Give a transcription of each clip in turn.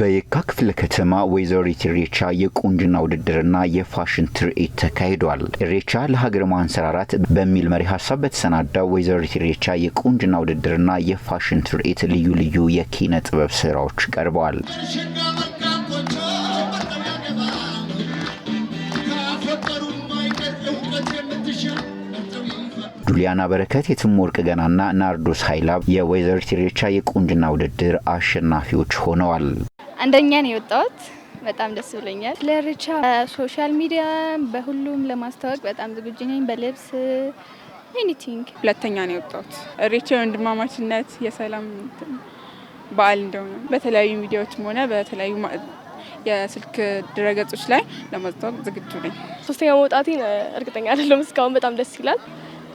በየካ ክፍለ ከተማ ወይዘሪት ኢሬቻ የቁንጅና ውድድርና የፋሽን ትርኢት ተካሂዷል። ኢሬቻ ለሀገር ማንሰራራት በሚል መሪ ሀሳብ በተሰናዳ ወይዘሪት ኢሬቻ የቁንጅና ውድድርና የፋሽን ትርኢት ልዩ ልዩ የኪነ ጥበብ ስራዎች ቀርበዋል። ጁሊያና በረከት፣ የትም ወርቅ ገናና ናርዶስ ኃይላብ የወይዘሪት ኢሬቻ የቁንጅና ውድድር አሸናፊዎች ሆነዋል። አንደኛ ነው የወጣሁት። በጣም ደስ ብሎኛል። ለርቻ ሶሻል ሚዲያ በሁሉም ለማስታወቅ በጣም ዝግጁ ነኝ። በልብስ ኤኒቲንግ። ሁለተኛ ነው የወጣሁት። ሬቻ የወንድማማችነት የሰላም በዓል እንደሆነ በተለያዩ ሚዲያዎችም ሆነ በተለያዩ የስልክ ድረገጾች ላይ ለማስታወቅ ዝግጁ ነኝ። ሶስተኛ መውጣቴን እርግጠኛ አይደለም እስካሁን። በጣም ደስ ይላል።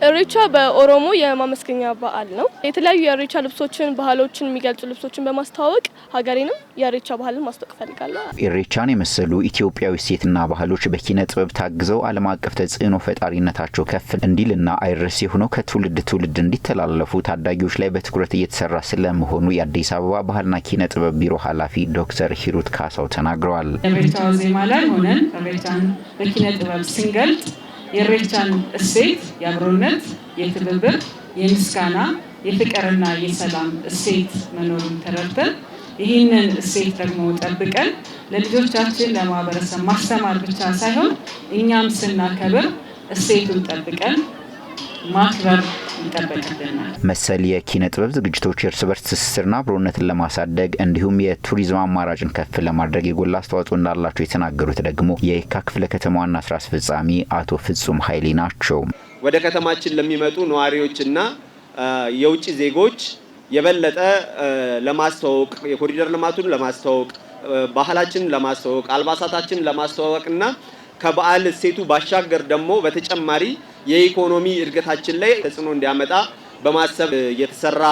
እሬቻ በኦሮሞ የማመስገኛ በዓል ነው። የተለያዩ የእሬቻ ልብሶችን፣ ባህሎችን የሚገልጹ ልብሶችን በማስተዋወቅ ሀገሬንም የእሬቻ ባህልን ማስታወቅ እፈልጋለሁ። እሬቻን የመሰሉ ኢትዮጵያዊ እሴትና ባህሎች በኪነ ጥበብ ታግዘው ዓለም አቀፍ ተጽዕኖ ፈጣሪነታቸው ከፍ እንዲልና አይረሴ ሆነው ከትውልድ ትውልድ እንዲተላለፉ ታዳጊዎች ላይ በትኩረት እየተሰራ ስለመሆኑ የአዲስ አበባ ባህልና ኪነ ጥበብ ቢሮ ኃላፊ ዶክተር ሂሩት ካሳው ተናግረዋል። በኢሬቻ ዜማ ላይ ሆነን በኢሬቻን በኪነ ጥበብ ስንገልጽ የኢሬቻን እሴት የአብሮነት፣ የትብብር፣ የምስጋና፣ የፍቅርና የሰላም እሴት መኖሩን ተረድተን ይህንን እሴት ደግሞ ጠብቀን ለልጆቻችን ለማህበረሰብ ማስተማር ብቻ ሳይሆን እኛም ስናከብር እሴቱን ጠብቀን ማክበር መሰል የኪነ ጥበብ ዝግጅቶች የእርስ በርስ ትስስርና አብሮነትን ለማሳደግ እንዲሁም የቱሪዝም አማራጭን ከፍ ለማድረግ የጎላ አስተዋጽኦ እንዳላቸው የተናገሩት ደግሞ የየካ ክፍለ ከተማ ዋና ስራ አስፈጻሚ አቶ ፍጹም ኃይሌ ናቸው። ወደ ከተማችን ለሚመጡ ነዋሪዎችና የውጭ ዜጎች የበለጠ ለማስተዋወቅ የኮሪደር ልማቱን ለማስተዋወቅ ባህላችንን ለማስተዋወቅ አልባሳታችንን ለማስተዋወቅና ከበዓል እሴቱ ባሻገር ደግሞ በተጨማሪ የኢኮኖሚ እድገታችን ላይ ተጽዕኖ እንዲያመጣ በማሰብ የተሰራ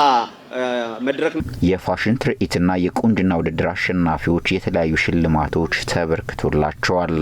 መድረክ ነው። የፋሽን ትርኢትና የቁንጅና ውድድር አሸናፊዎች የተለያዩ ሽልማቶች ተበርክቶላቸዋል።